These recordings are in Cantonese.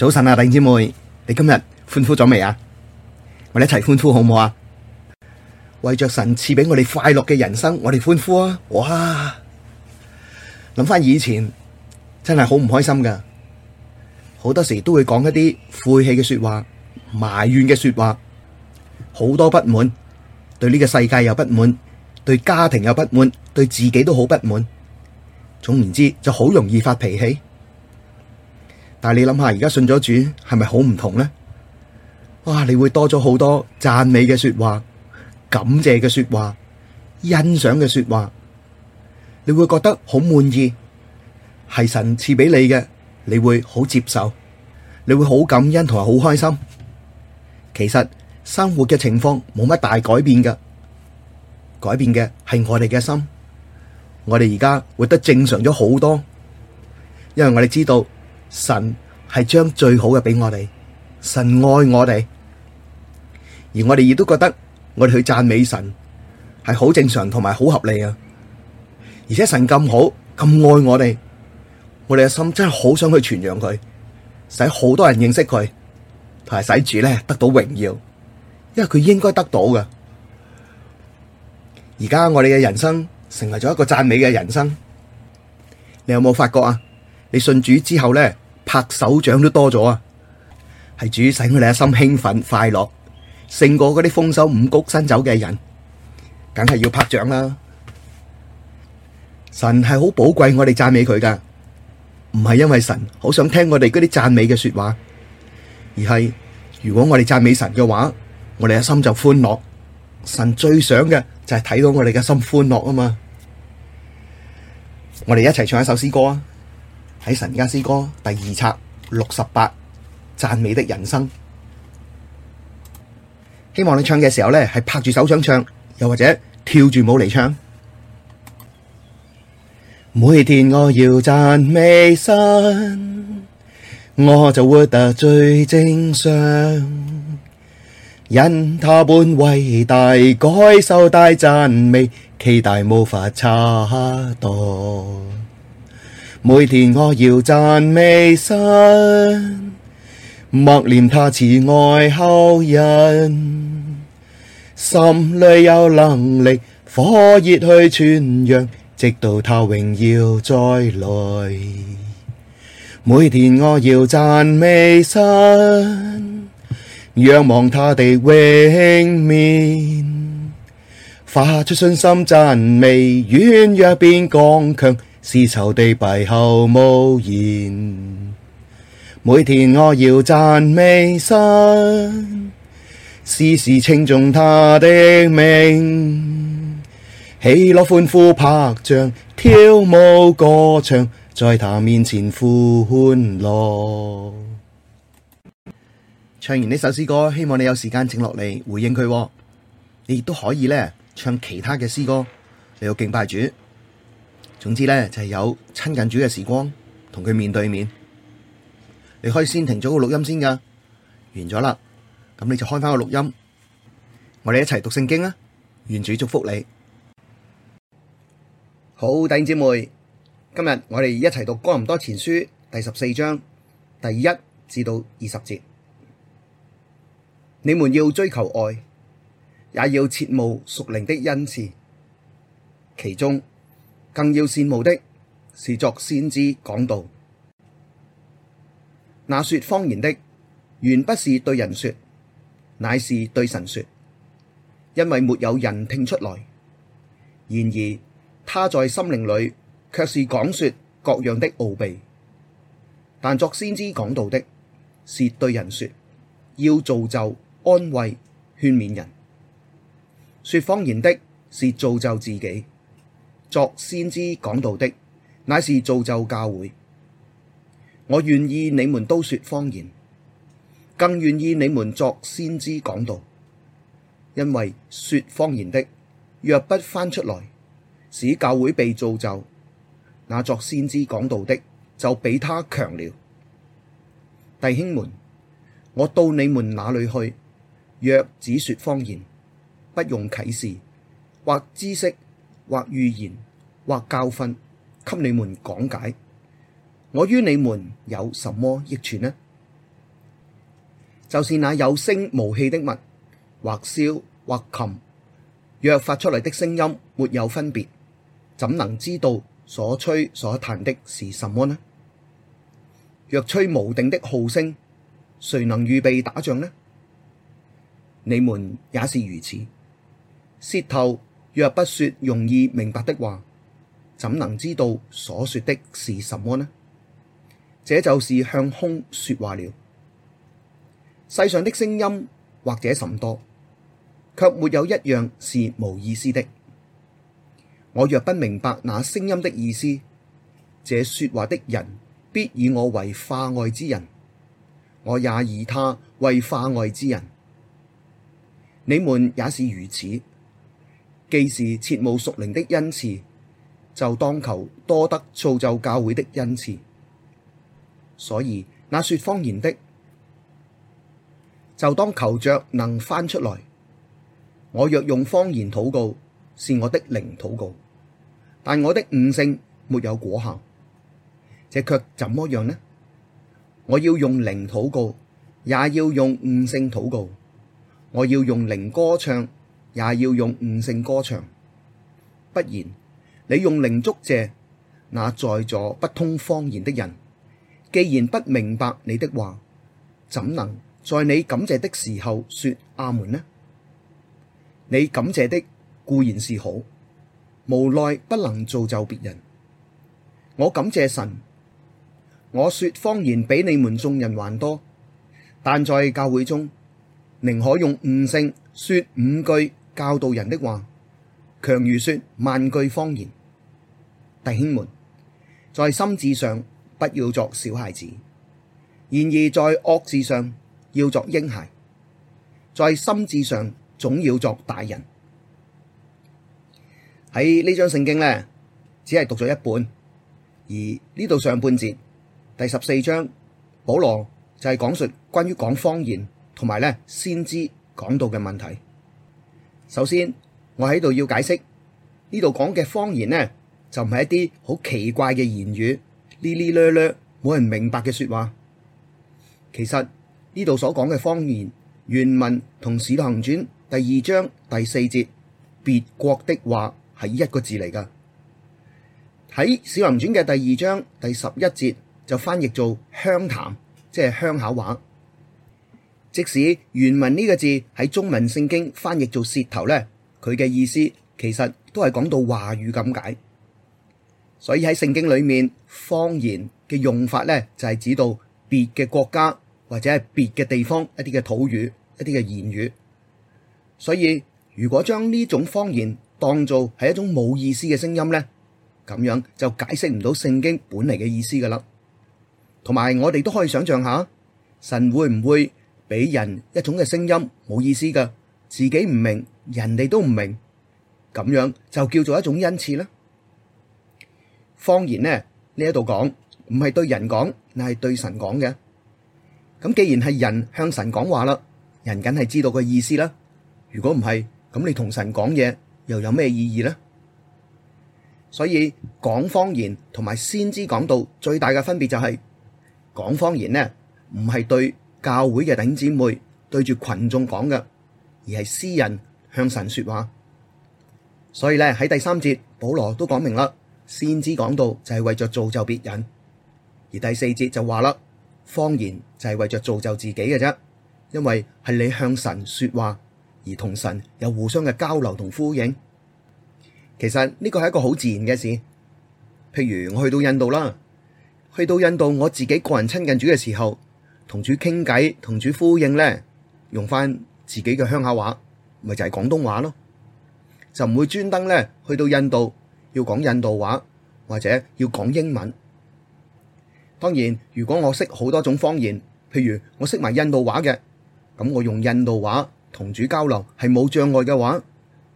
早晨啊，弟兄姊妹，你今日歡呼咗未啊？我哋一齊歡呼好唔好啊？為着神賜畀我哋快樂嘅人生，我哋歡呼啊！哇，諗翻以前真係好唔開心噶，好多時都會講一啲晦氣嘅說話、埋怨嘅說話，好多不滿，對呢個世界有不滿，對家庭有不滿，對自己都好不滿。總言之，就好容易發脾氣。但係你諗下，而家信咗主係咪好唔同呢？哇！你會多咗好多讚美嘅說話、感謝嘅說話、欣賞嘅說話，你會覺得好滿意，係神賜俾你嘅，你會好接受，你會好感恩同埋好開心。其實生活嘅情況冇乜大改變噶，改變嘅係我哋嘅心，我哋而家活得正常咗好多，因為我哋知道。神係將最好嘅俾我哋，神愛我哋，而我哋亦都覺得我哋去讚美神係好正常，同埋好合理啊！而且神咁好，咁愛我哋，我哋嘅心真係好想去傳揚佢，使好多人認識佢，同埋使主咧得到榮耀，因為佢應該得到㗎。而家我哋嘅人生成為咗一個讚美嘅人生，你有冇發覺啊？你信主之後咧？拍手掌都多咗啊！係主使我哋一心興奮快樂，勝過嗰啲豐收五穀新酒嘅人，梗係要拍掌啦！神係好寶貴我哋讚美佢噶，唔係因為神好想聽我哋嗰啲讚美嘅說話，而係如果我哋讚美神嘅話，我哋一心就歡樂。神最想嘅就係睇到我哋嘅心歡樂啊嘛！我哋一齊唱一首詩歌啊！喺《神家詩歌》第二冊六十八，讚美的人生。希望你唱嘅時候呢，係拍住手掌唱，唱，又或者跳住舞嚟唱。每天我要讚美神，我就活得最正常。因他本為大，該受大讚美，其大無法測度。每天我要讚美神，默念他慈愛厚恩，心裡有能力，火熱去傳揚，直到他榮耀再來。每天我要讚美神，仰望他的榮面，發出信心讚美，軟弱變剛強。使仇敵閉口無言，每天我要讚美神，時時稱頌他的名。喜樂歡呼拍掌，跳舞歌唱，在他面前富歡樂。唱完呢首詩歌，希望你有時間靜落嚟回應佢、哦。你亦都可以咧唱其他嘅詩歌，你要敬拜主。總之咧，就係、是、有親近主嘅時光，同佢面對面。你可以先停咗個錄音先噶，完咗啦，咁你就開翻個錄音，我哋一齊讀聖經啊！願主祝福你。好，弟兄姊妹，今日我哋一齊讀哥林多前書第十四章第一至到二十節。你們要追求愛，也要切慕屬靈的恩賜，其中。更要羨慕的是作先知講道，那說方言的，原不是對人說，乃是對神說，因為沒有人聽出來。然而，他在心靈裡卻是講說各樣的奧秘。但作先知講道的是對人說，要造就、安慰勸勉人。說方言的是造就自己。作先知講道的，乃是造就教會。我願意你們都說方言，更願意你們作先知講道。因為說方言的，若不翻出來，使教會被造就，那作先知講道的就比他強了。弟兄們，我到你們那裏去，若只說方言，不用啟示或知識。或預言，或教訓，給你們講解。我於你們有什麼益處呢？就是那有聲無氣的物，或簫，或琴，若發出嚟的聲音沒有分別，怎能知道所吹所彈的是什麼呢？若吹無定的號聲，誰能預備打仗呢？你們也是如此，舌頭。若不說容易明白的話，怎能知道所說的是什麼呢？這就是向空說話了。世上的聲音，或者甚多，卻沒有一樣是無意思的。我若不明白那聲音的意思，這說話的人必以我為化外之人，我也以他為化外之人。你們也是如此。既是切慕屬靈的恩賜，就當求多得造就教會的恩賜。所以那說方言的，就當求着能翻出來。我若用方言禱告，是我的靈禱告，但我的悟性沒有果效。這却怎麼樣呢？我要用靈禱告，也要用悟性禱告，我要用靈歌唱。也要用悟性歌唱，不然，你用靈祝謝，那在座不通方言的人，既然不明白你的話，怎能在你感謝的時候說阿門呢？你感謝的固然是好，無奈不能造就別人。我感謝神，我說方言比你們眾人還多，但在教會中，寧可用悟性說五句。教導人的話，強如說萬句方言。弟兄們，在心志上不要作小孩子；然而在惡事上要作嬰孩，在心志上總要作大人。喺呢張聖經呢，只係讀咗一半，而呢度上半節第十四章，保羅就係講述關於講方言同埋咧先知講道嘅問題。首先，我喺度要解釋呢度講嘅方言呢，就唔係一啲好奇怪嘅言語，呢呢略略冇人明白嘅説話。其實呢度所講嘅方言原文同《使行傳》第二章第四節別國的話係一個字嚟㗎。喺《使行傳》嘅第二章第十一節就翻譯做鄉談，即係鄉下話。即使原文呢個字喺中文聖經翻譯做舌頭呢，佢嘅意思其實都係講到話語咁解。所以喺聖經裏面方言嘅用法呢，就係指到別嘅國家或者係別嘅地方一啲嘅土語、一啲嘅言語。所以如果將呢種方言當做係一種冇意思嘅聲音呢，咁樣就解釋唔到聖經本嚟嘅意思噶啦。同埋我哋都可以想象下，神會唔會？俾人一種嘅聲音冇意思噶，自己唔明，人哋都唔明，咁樣就叫做一種恩賜啦。方言呢，呢一度講唔係對人講，但係對神講嘅。咁既然係人向神講話啦，人梗係知道個意思啦。如果唔係，咁你同神講嘢又有咩意義呢？所以講方言同埋先知講道最大嘅分別就係講方言呢，唔係對。教會嘅弟兄姊妹對住群眾講嘅，而係私人向神說話。所以咧，喺第三節保羅都講明啦，先知講道就係為咗造就別人；而第四節就話啦，方言就係為咗造就自己嘅啫。因為係你向神說話，而同神有互相嘅交流同呼應。其實呢個係一個好自然嘅事。譬如我去到印度啦，去到印度我自己個人親近主嘅時候。同主傾偈，同主呼應呢，用翻自己嘅鄉下話，咪就係廣東話咯，就唔會專登呢去到印度要講印度話或者要講英文。當然，如果我識好多種方言，譬如我識埋印度話嘅，咁我用印度話同主交流係冇障礙嘅話，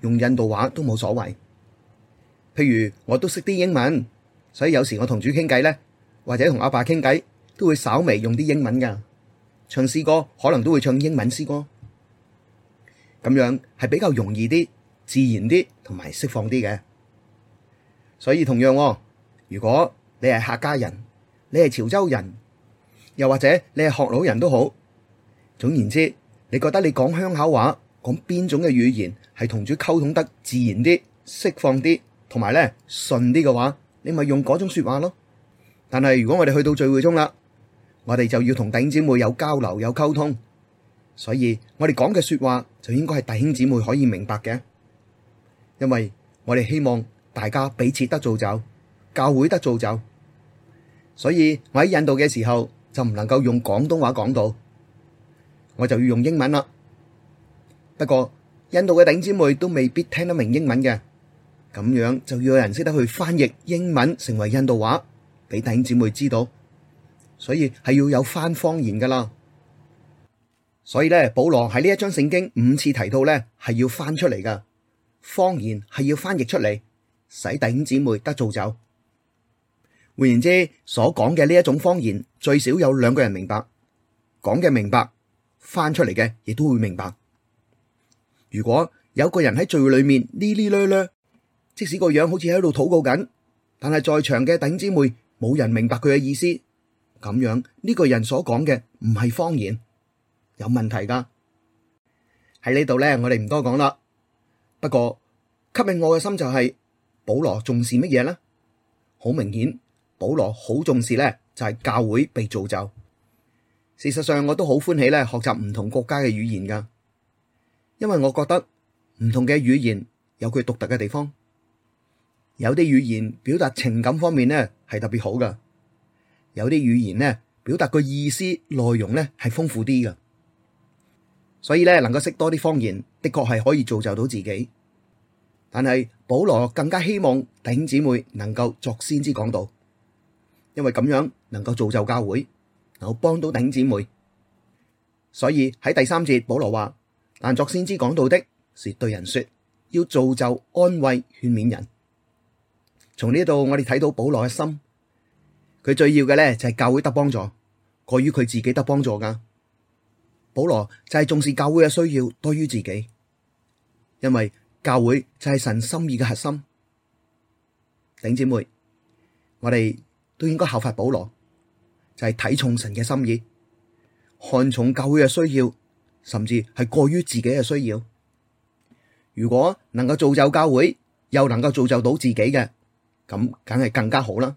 用印度話都冇所謂。譬如我都識啲英文，所以有時我同主傾偈呢，或者同阿爸傾偈。都會稍微用啲英文噶，唱詩歌可能都會唱英文詩歌，咁樣係比較容易啲、自然啲同埋釋放啲嘅。所以同樣、哦，如果你係客家人，你係潮州人，又或者你係學佬人都好，總言之，你覺得你講鄉口話，講邊種嘅語言係同主溝通得自然啲、釋放啲同埋咧順啲嘅話，你咪用嗰種說話咯。但係如果我哋去到聚會中啦。我哋就要同弟兄姊妹有交流有溝通，所以我哋講嘅說話就應該係弟兄姊妹可以明白嘅，因為我哋希望大家彼此得造就，教會得造就。所以我喺印度嘅時候就唔能夠用廣東話講到，我就要用英文啦。不過印度嘅弟兄姊妹都未必聽得明英文嘅，咁樣就要有人識得去翻譯英文成為印度話，俾弟兄姊妹知道。所以係要有翻方言噶啦，所以咧保羅喺呢一章聖經五次提到咧係要翻出嚟嘅方言係要翻譯出嚟，使弟兄姊妹得造就。換言之，所講嘅呢一種方言最少有兩個人明白，講嘅明白，翻出嚟嘅亦都會明白。如果有個人喺聚會裏面呢，呢嘞嘞，即使個樣好似喺度禱告緊，但係在場嘅弟兄姊妹冇人明白佢嘅意思。咁樣呢、呢個人所講嘅唔係方言，有問題噶。喺呢度呢，我哋唔多講啦。不過吸引我嘅心就係、是、保羅重視乜嘢呢？好明顯，保羅好重視呢就係、是、教會被造就。事實上，我都好歡喜呢學習唔同國家嘅語言噶，因為我覺得唔同嘅語言有佢獨特嘅地方，有啲語言表達情感方面呢係特別好噶。有啲語言呢，表達個意思內容呢係豐富啲㗎，所以呢能夠識多啲方言，的確係可以造就到自己。但係保羅更加希望弟兄姊妹能夠作先知講道，因為咁樣能夠造就教會，能夠幫到弟兄姊妹。所以喺第三節，保羅話：但作先知講道的是對人說，要造就、安慰、勸勉人。從呢度我哋睇到保羅嘅心。佢最要嘅咧就係教會得幫助，過於佢自己得幫助噶。保羅就係重視教會嘅需要多於自己，因為教會就係神心意嘅核心。頂姐妹，我哋都應該效法保羅，就係睇重神嘅心意，看重教會嘅需要，甚至係過於自己嘅需要。如果能夠造就教會，又能夠造就到自己嘅，咁梗係更加好啦。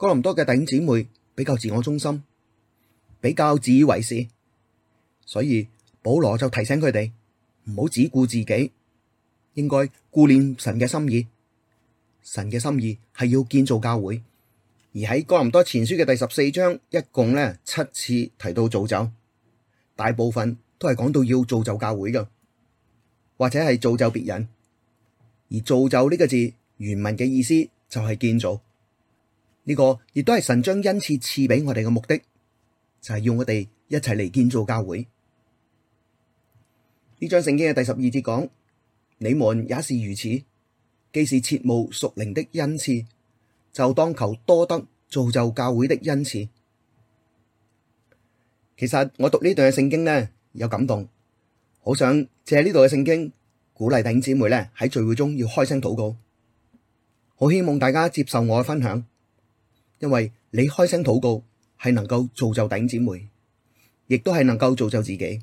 哥林多嘅弟兄姊妹比較自我中心，比較自以為是，所以保羅就提醒佢哋唔好只顧自己，應該顧念神嘅心意。神嘅心意係要建造教會，而喺哥林多前書嘅第十四章，一共咧七次提到造就，大部分都係講到要造就教會㗎，或者係造就別人。而造就呢個字原文嘅意思就係建造。呢個亦都係神將恩賜賜俾我哋嘅目的，就係要我哋一齊嚟建造教會。呢章聖經嘅第十二節講：你們也是如此，既是切慕屬靈的恩賜，就當求多得造就教會的恩賜。其實我讀呢段嘅聖經呢，有感動，好想借呢度嘅聖經鼓勵弟兄姊妹咧喺聚會中要開聲禱告。好希望大家接受我嘅分享。因為你開聲禱告係能夠造就弟兄姊妹，亦都係能夠造就自己。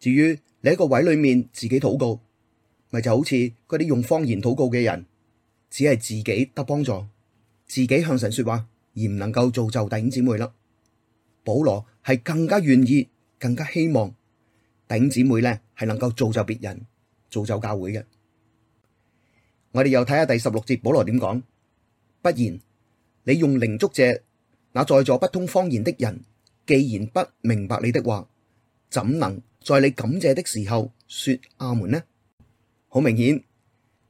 至於你喺個位裏面自己禱告，咪就好似嗰啲用方言禱告嘅人，只係自己得幫助，自己向神說話而唔能夠造就弟兄姊妹啦。保羅係更加願意，更加希望弟兄姊妹咧係能夠造就別人，造就教會嘅。我哋又睇下第十六節保羅點講，不然。你用靈祝謝，那在座不通方言的人，既然不明白你的話，怎能在你感謝的時候說阿門呢？好明顯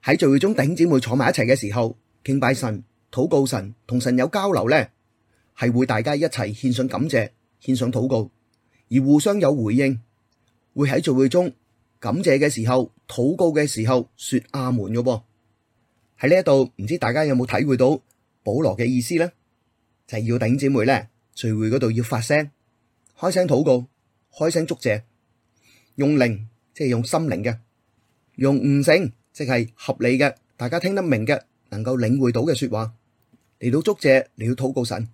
喺聚會中，弟兄姊妹坐埋一齊嘅時候敬拜神、禱告神、同神有交流呢，係會大家一齊獻上感謝、獻上禱告，而互相有回應，會喺聚會中感謝嘅時候、禱告嘅時候說阿門嘅。喎喺呢一度，唔知大家有冇體會到？保羅嘅意思咧，就係、是、要頂姊妹咧聚會嗰度要發聲，開聲禱告，開聲祝謝，用靈即係用心靈嘅，用悟性即係合理嘅，大家聽得明嘅，能夠領會到嘅說話，嚟到祝謝，你要禱告神，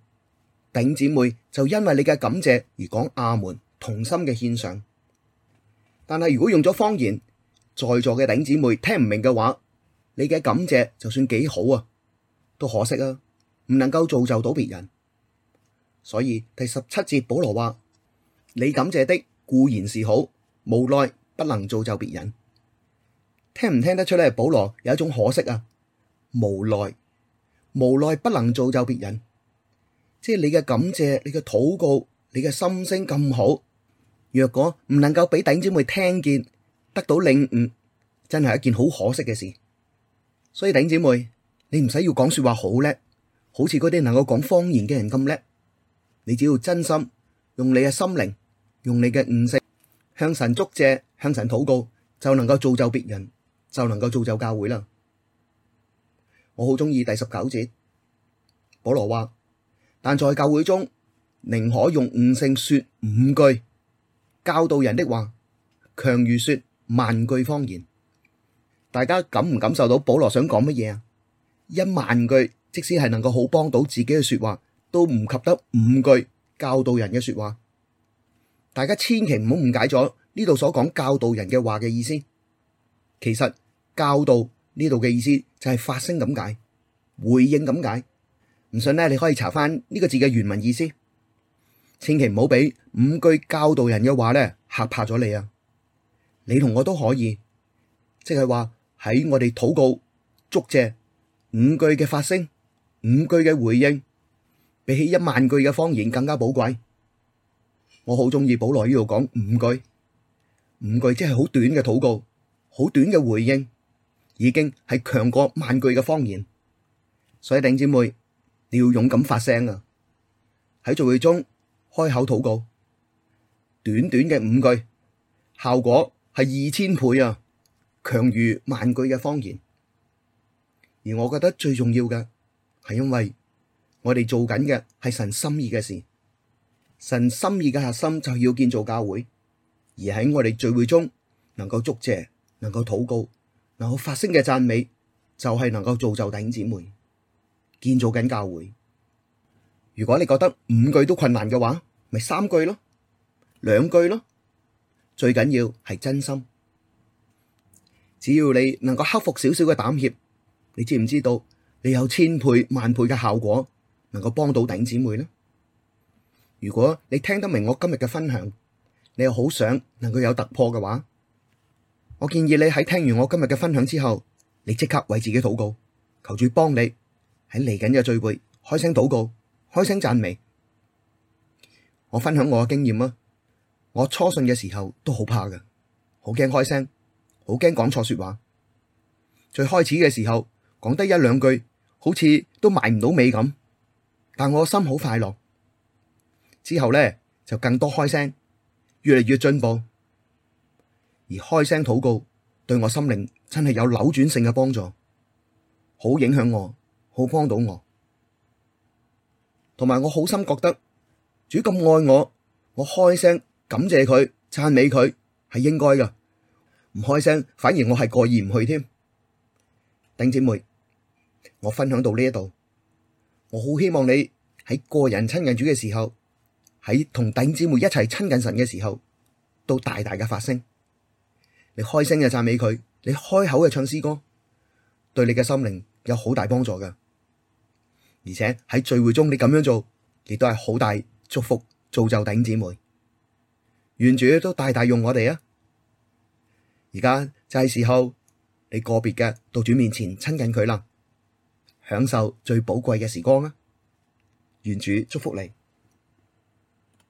頂姊妹就因為你嘅感謝而講阿門，同心嘅獻上。但係如果用咗方言，在座嘅頂姊妹聽唔明嘅話，你嘅感謝就算幾好啊。都可惜啊，唔能夠造就到別人，所以第十七節保羅話：你感謝的固然是好，無奈不能造就別人。聽唔聽得出咧？保羅有一種可惜啊，無奈，無奈不能造就別人，即係你嘅感謝、你嘅禱告、你嘅心聲咁好，若果唔能夠俾弟姐妹聽見，得到領悟，真係一件好可惜嘅事。所以弟姐妹。你唔使要講說話好叻，好似嗰啲能夠講方言嘅人咁叻。你只要真心用你嘅心靈，用你嘅悟性向，向神祝謝，向神禱告，就能夠造就別人，就能夠造就教會啦。我好中意第十九節，保羅話：但在教會中，寧可用悟性說五句教導人的話，強如說萬句方言。大家感唔感受到保羅想講乜嘢啊？一萬句，即使係能夠好幫到自己嘅說話，都唔及得五句教導人嘅說話。大家千祈唔好誤解咗呢度所講教導人嘅話嘅意思。其實教導呢度嘅意思就係發聲咁解，回應咁解。唔信呢，你可以查翻呢個字嘅原文意思。千祈唔好俾五句教導人嘅話咧嚇怕咗你啊！你同我都可以，即係話喺我哋禱告、祝謝。五句嘅發聲，五句嘅回應，比起一萬句嘅方言更加寶貴。我好中意保羅呢度講五句，五句即係好短嘅禱告，好短嘅回應，已經係強過萬句嘅方言。所以頂姐妹，你要勇敢發聲啊！喺聚會中開口禱告，短短嘅五句，效果係二千倍啊，強如萬句嘅方言。而我覺得最重要嘅係，因為我哋做緊嘅係神心意嘅事，神心意嘅核心就要建造教會，而喺我哋聚會中能夠祝謝、能夠禱告、能夠發聲嘅讚美，就係、是、能夠造就弟兄姊妹建造緊教會。如果你覺得五句都困難嘅話，咪三句咯，兩句咯，最緊要係真心。只要你能夠克服少少嘅膽怯。你知唔知道你有千倍萬倍嘅效果，能夠幫到弟兄姊妹呢？如果你聽得明我今日嘅分享，你又好想能夠有突破嘅話，我建議你喺聽完我今日嘅分享之後，你即刻為自己禱告，求主幫你喺嚟緊嘅聚會開聲禱告，開聲讚美。我分享我嘅經驗啊，我初信嘅時候都好怕㗎，好驚開聲，好驚講錯說話。最開始嘅時候。講得一兩句，好似都埋唔到尾咁，但我心好快樂。之後呢，就更多開聲，越嚟越進步。而開聲禱告對我心靈真係有扭轉性嘅幫助，好影響我，好幫到我。同埋我好心覺得主咁愛我，我開聲感謝佢、讚美佢係應該㗎，唔開聲反而我係過意唔去添，丁姐妹。我分享到呢一度，我好希望你喺個人親近主嘅時候，喺同弟兄姊妹一齊親近神嘅時候，都大大嘅發聲，你開聲嘅讚美佢，你開口嘅唱詩歌，對你嘅心靈有好大幫助嘅。而且喺聚會中你咁樣做，亦都係好大祝福造就弟兄姊妹，願主都大大用我哋啊。而家就係時候，你個別嘅到主面前親近佢啦。享受最寶貴嘅時光啊！願主祝福你。